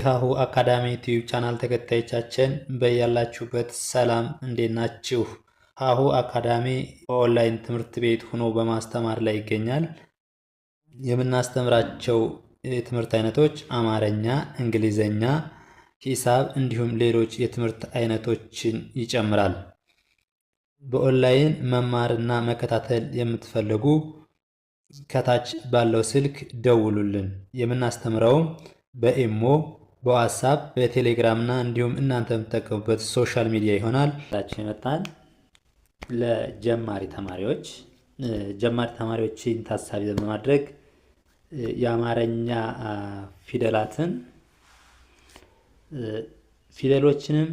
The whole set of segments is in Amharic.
ካሁ አካዳሚ ዩቲዩብ ቻናል ተከታዮቻችን በያላችሁበት ሰላም፣ እንዴት ናችሁ? ካሁ አካዳሚ ኦንላይን ትምህርት ቤት ሆኖ በማስተማር ላይ ይገኛል። የምናስተምራቸው የትምህርት አይነቶች አማርኛ፣ እንግሊዘኛ፣ ሂሳብ እንዲሁም ሌሎች የትምህርት አይነቶችን ይጨምራል። በኦንላይን መማርና መከታተል የምትፈልጉ ከታች ባለው ስልክ ደውሉልን። የምናስተምረውም በኢሞ በዋትሳፕ በቴሌግራም እንዲሁም እናንተ የምትጠቀሙበት ሶሻል ሚዲያ ይሆናል። ታችን ይመጣል ለጀማሪ ተማሪዎች ጀማሪ ተማሪዎችን ታሳቢ በማድረግ የአማርኛ ፊደላትን ፊደሎችንም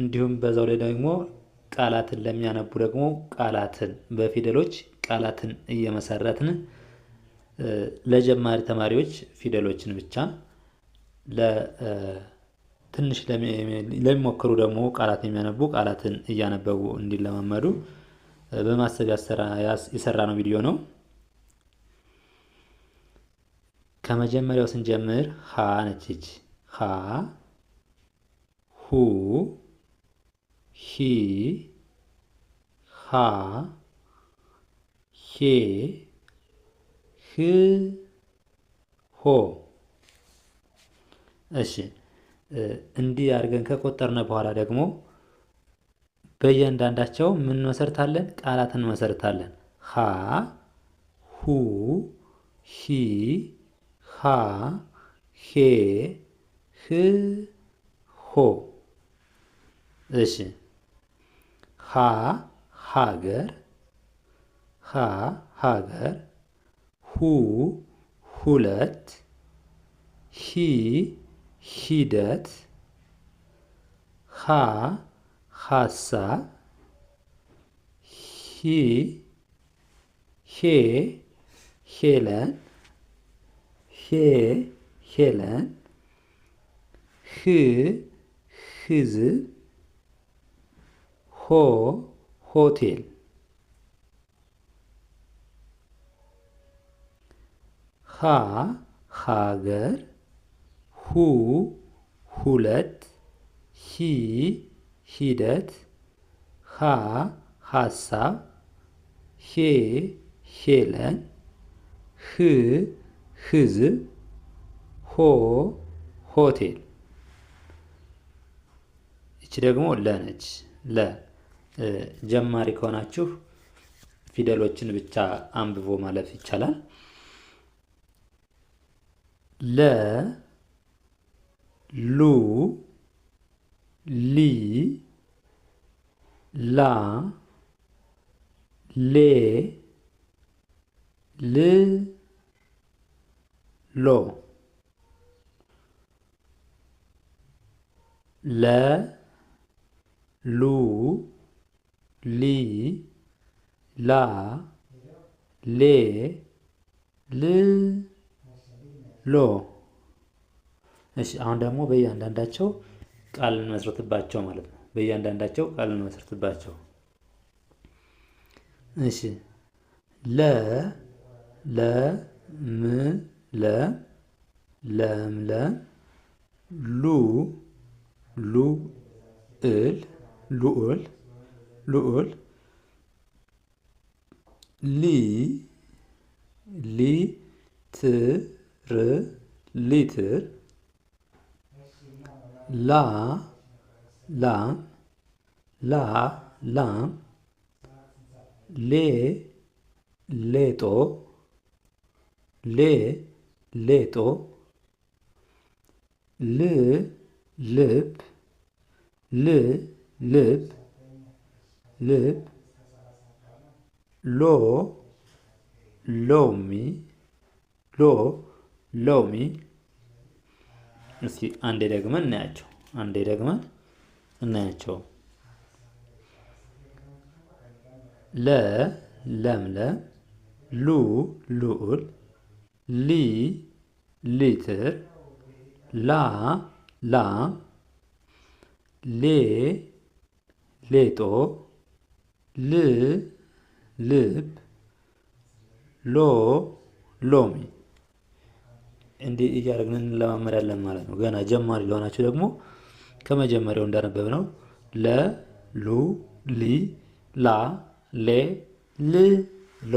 እንዲሁም በዛው ላይ ደግሞ ቃላትን ለሚያነቡ ደግሞ ቃላትን በፊደሎች ቃላትን እየመሰረትን ለጀማሪ ተማሪዎች ፊደሎችን ብቻ ትንሽ ለሚሞክሩ ደግሞ ቃላት የሚያነቡ ቃላትን እያነበቡ እንዲለማመዱ በማሰብ የሰራ ነው ቪዲዮ ነው። ከመጀመሪያው ስንጀምር ሀ ነችች ሀ ሁ ሂ ሀ ሄ ህ ሆ እሺ እንዲህ አድርገን ከቆጠርነ በኋላ ደግሞ በእያንዳንዳቸው ምን እንመሰርታለን? ቃላትን እንመሰርታለን። ሀ ሁ ሂ ሃ ሄ ህ ሆ። እሺ ሀ ሀገር፣ ሀ ሀገር፣ ሁ ሁለት፣ ሂ ሂደት ሀ ሀሳብ ሂ ሄ ሄለን ሄ ሄለን ህ ህዝብ ሆ ሆቴል ሀ ሀገር ሁ ሁለት ሂ ሂደት ሃ ሀሳብ ሄ ሄለን ህ ህዝብ ሆ ሆቴል ይቺ ደግሞ ለ ነች። ለ ጀማሪ ከሆናችሁ ፊደሎችን ብቻ አንብቦ ማለፍ ይቻላል። ለ L'ou, Li, la, les, le, l'o. La, lu, Li, la, les, le, l'o. እሺ አሁን ደግሞ በእያንዳንዳቸው ቃል እንመስርትባቸው ማለት ነው። በእያንዳንዳቸው ቃል እንመስርትባቸው። እሺ ለ ለ ም ለ ለም ለ ሉ ሉ እል ሉኡል ሉኡል ሊ ሊ ትር ሊትር la, la, la, la, le leto, les, leto, le, lep, le, lep, lep, lo, lomi, lo, lomi, እስኪ አንዴ ደግመን እናያቸው። አንዴ ደግመን እናያቸው። ለ ለምለም፣ ሉ ልዑል፣ ሊ ሊትር፣ ላ ላም፣ ሌ ሌጦ፣ ል ልብ፣ ሎ ሎሚ እንዲህ እያደረግን እንለማመዳለን ማለት ነው። ገና ጀማሪ ለሆናችሁ ደግሞ ከመጀመሪያው እንዳነበብ ነው ለ ሉ ሊ ላ ሌ ል ሎ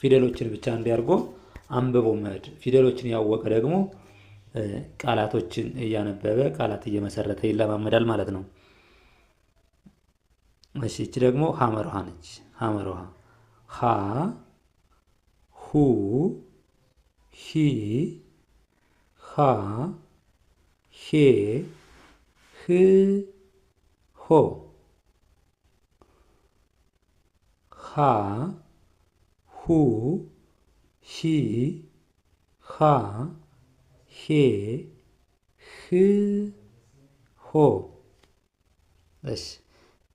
ፊደሎችን ብቻ እንዲያርጎ አንብቦ መሄድ። ፊደሎችን ያወቀ ደግሞ ቃላቶችን እያነበበ ቃላት እየመሰረተ ይለማመዳል ማለት ነው። እሺ እቺ ደግሞ ሐመርሃ ነች። ሐመርሃ ሃ ሁ ሂ ሃ ሄ ህ ሆ ሃ ሁ ሂ ሃ ሄ ህ ሆ። እሺ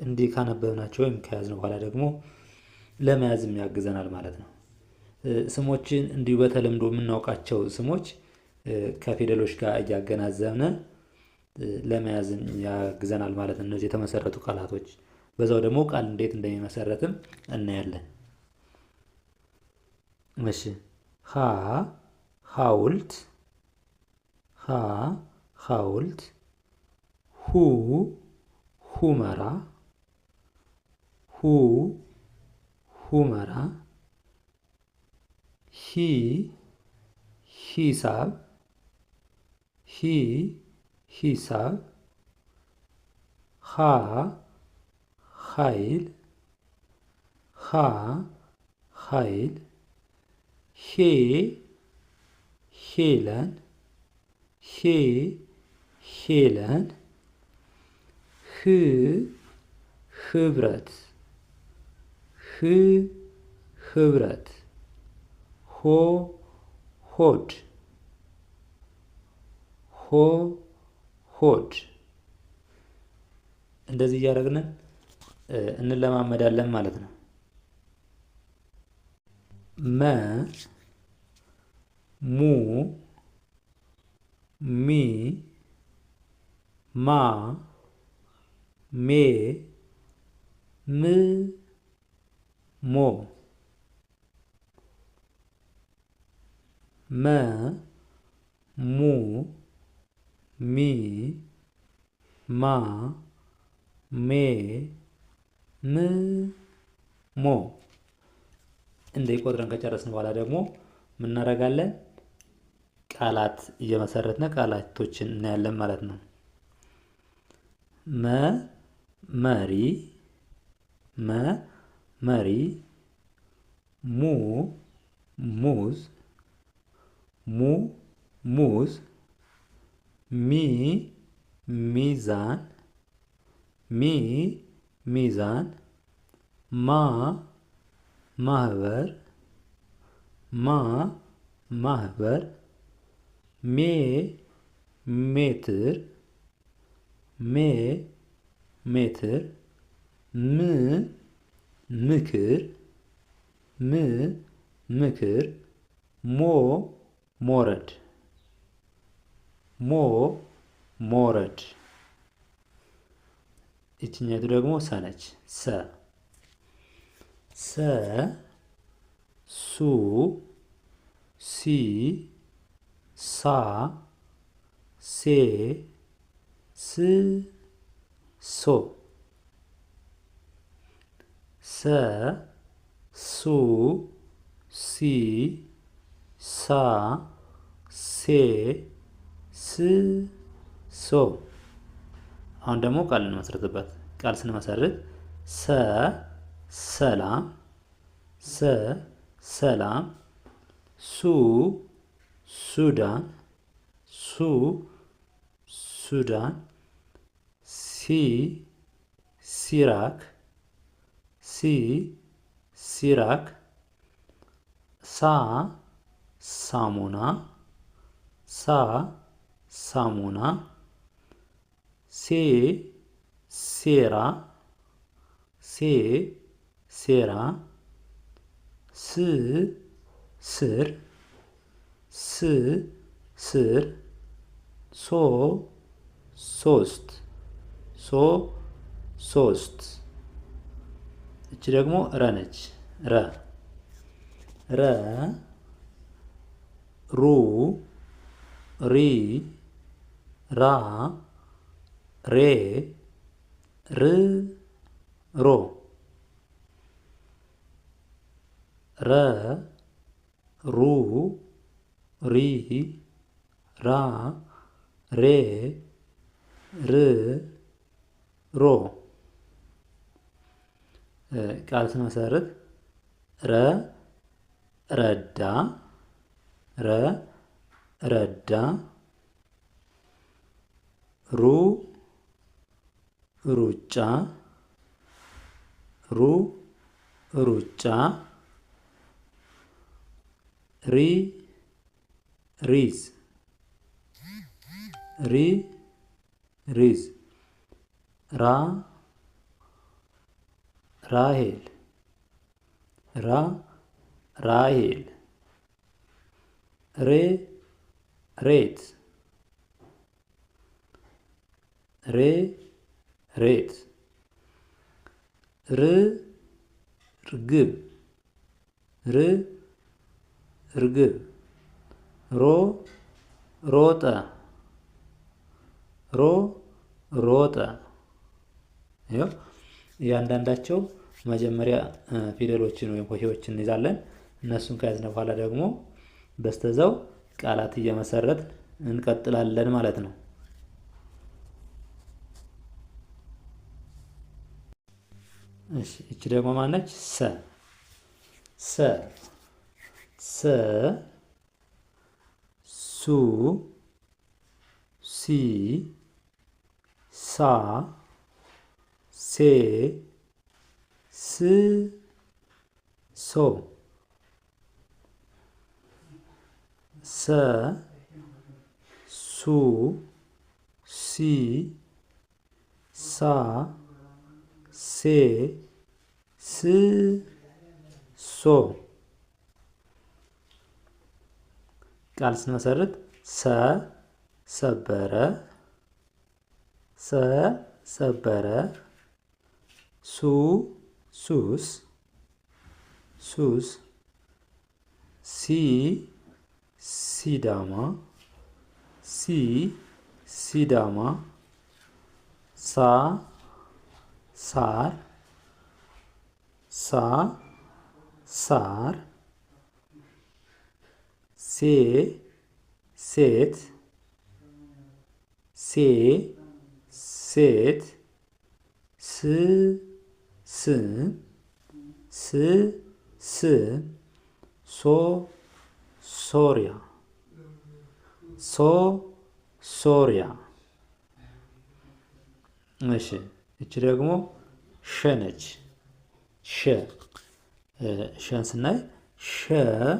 እንዲህ ካነበብናቸው ወይም ከያዝነው በኋላ ደግሞ ለመያዝም ያግዘናል ማለት ነው። ስሞችን እንዲሁ በተለምዶ የምናውቃቸው ስሞች ከፊደሎች ጋር እያገናዘብን ለመያዝ ያግዘናል ማለት ነው። እነዚህ የተመሰረቱ ቃላቶች በዛው ደግሞ ቃል እንዴት እንደሚመሰረትም እናያለን። እሺ ሀ ሀውልት፣ ሀ ሀውልት፣ ሁ ሁመራ፣ ሁ ሁመራ፣ ሂ ሂሳብ ሂ ሂሳብ፣ ሀ ኃይል፣ ሀ ኃይል፣ ሄ ሄለን፣ ሄ ሄለን፣ ህ ህብረት፣ ህ ህብረት፣ ሆ ሆድ ሆ ሆድ እንደዚህ እያደረግን እንለማመዳለን ማለት ነው። መ ሙ ሚ ማ ሜ ም ሞ መ ሙ ሚ ማ ሜ ም ሞ እንደዚህ ቆጥረን ከጨረስን በኋላ ደግሞ ምናደርጋለን? ቃላት እየመሰረትነ ቃላቶችን እናያለን ማለት ነው። መ መሪ መ መሪ ሙ ሙዝ ሙ ሙዝ ሚ ሚዛን ሚ ሚዛን ማ ማህበር ማ ማህበር ሜ ሜትር ሜ ሜትር ም ምክር ም ምክር ሞ ሞረድ ሞ ሞረድ። ይችኛቱ ደግሞ ሰነች ሰ ሰ ሱ ሲ ሳ ሴ ስ ሶ ሰ ሱ ሲ ሳ ሴ ስሶ አሁን ደግሞ ቃል እንመሰርትበት። ቃል ስንመሰርት ሰ ሰላም፣ ሰ ሰላም፣ ሱ ሱዳን፣ ሱ ሱዳን፣ ሲ ሲራክ፣ ሲ ሲራክ፣ ሳ ሳሙና፣ ሳ ሳሙና፣ ሴ ሴራ፣ ሴ ሴራ፣ ስ ስር፣ ስ ስር፣ ሶ ሶስት፣ ሶ ሶስት። እቺ ደግሞ ረ ነች። ረ ረ ሩ ሪ ራ ሬ ር ሮ ረ ሩ ሪ ራ ሬ ር ሮ ቃል ስመሰርት ረ ረዳ ረ ረዳ रु रुच रु रुच रि रिस रि रिस रा राहेल रा राहेल रे रेट्स ሬ ሬት ር ርግብ ር ርግብ ሮ ሮጠ ሮ ሮጠ ይኸው እያንዳንዳቸው መጀመሪያ ፊደሎችን ወይም ሆሄዎችን እንይዛለን። እነሱን ከያዝነ በኋላ ደግሞ በስተዛው ቃላት እየመሰረት እንቀጥላለን ማለት ነው። እሺ ደግሞ ማነች? ሰ ሰ ሰ ሱ ሲ ሳ ሴ ስ ሶ ሰ ሱ ሲ ሳ ሴ ስሶ ቃል ስንመሰርት ሰ ሰበረ ሰ ሰበረ ሱ ሱስ ሱስ ሲ ሲዳማ ሲ ሲዳማ ሳ ሳር ሳ ሳር ሴ ሴት ሴ ሴት ስ ስም ስ ስም ሶ ሶሪያ ሶ ሶሪያ። እሺ እቺ ደግሞ ሸነች 学，呃，学生呢？学，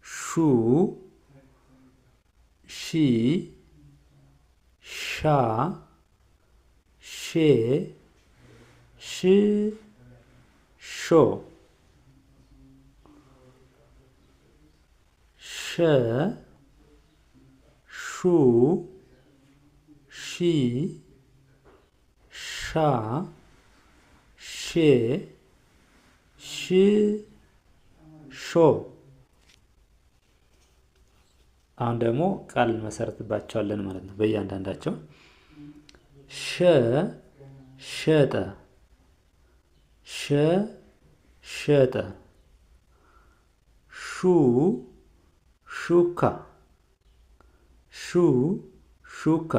书，写，查，写，写，说，学，书，写，查。ሼ ሽ ሾ አሁን ደግሞ ቃል እንመሰርትባቸዋለን ማለት ነው። በእያንዳንዳቸው ሸ ሸጠ ሸ ሸጠ ሹ ሹካ ሹ ሹካ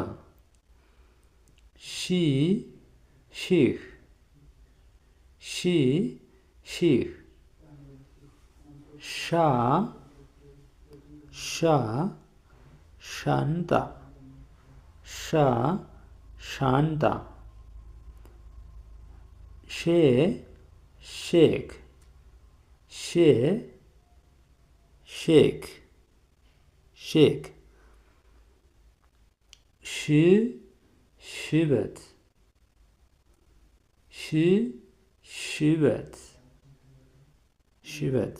ሺ ሺህ şi, şih, şa, şa, şanda, şa, şanda, şe, şek, şe, şek, şek, şi, şibet, şi, ሽበት ሽበት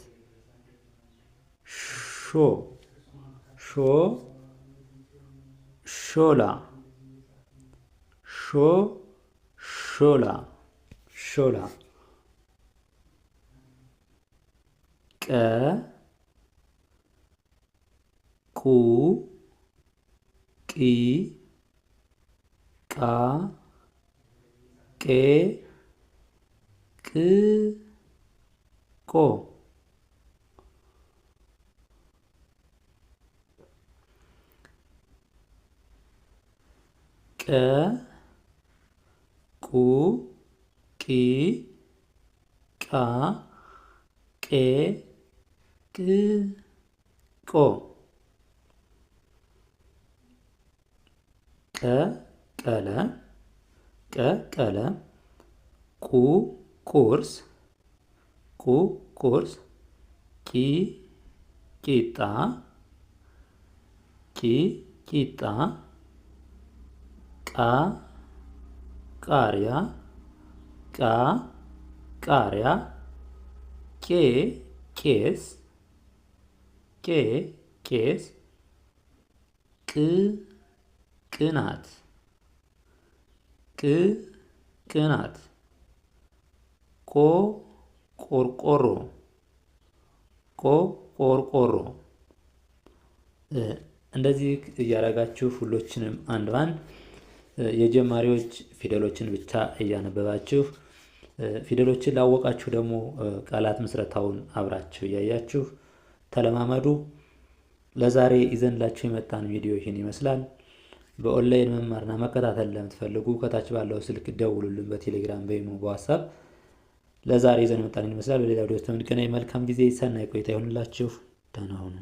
ሾ ሾ ሾላ ሾ ሾላ ሾላ ቀ ቁ ቂ ቃ ቄ ብርጭቆ ቀ ቁ ቂ ቃ ቄ ቆ ቀ ቀለ ቀ ቀለ ቁ ቁርስ ቁ ቁርስ ቂ ቂጣ ቂ ቂጣ ቃ ቃሪያ ቃ ቃሪያ ቄ ቄስ ቄ ቄስ ቅ ቅናት ቅ ቅናት ቆ ቆርቆሮ ቆ ቆርቆሮ እንደዚህ እያደረጋችሁ ሁሎችንም አንድ ባንድ የጀማሪዎች ፊደሎችን ብቻ እያነበባችሁ ፊደሎችን ላወቃችሁ ደግሞ ቃላት ምስረታውን አብራችሁ እያያችሁ ተለማመዱ። ለዛሬ ይዘንላችሁ የመጣን ቪዲዮ ይህን ይመስላል። በኦንላይን መማርና መከታተል ለምትፈልጉ ከታች ባለው ስልክ ደውሉልን። በቴሌግራም በኢሞ በዋትሳፕ ለዛሬ ይዘን መጣን ይመስላል። በሌላ ቪዲዮ እስከምንገናኝ መልካም ጊዜ፣ ሰናይ ቆይታ ይሆንላችሁ። ደህና ሁኑ።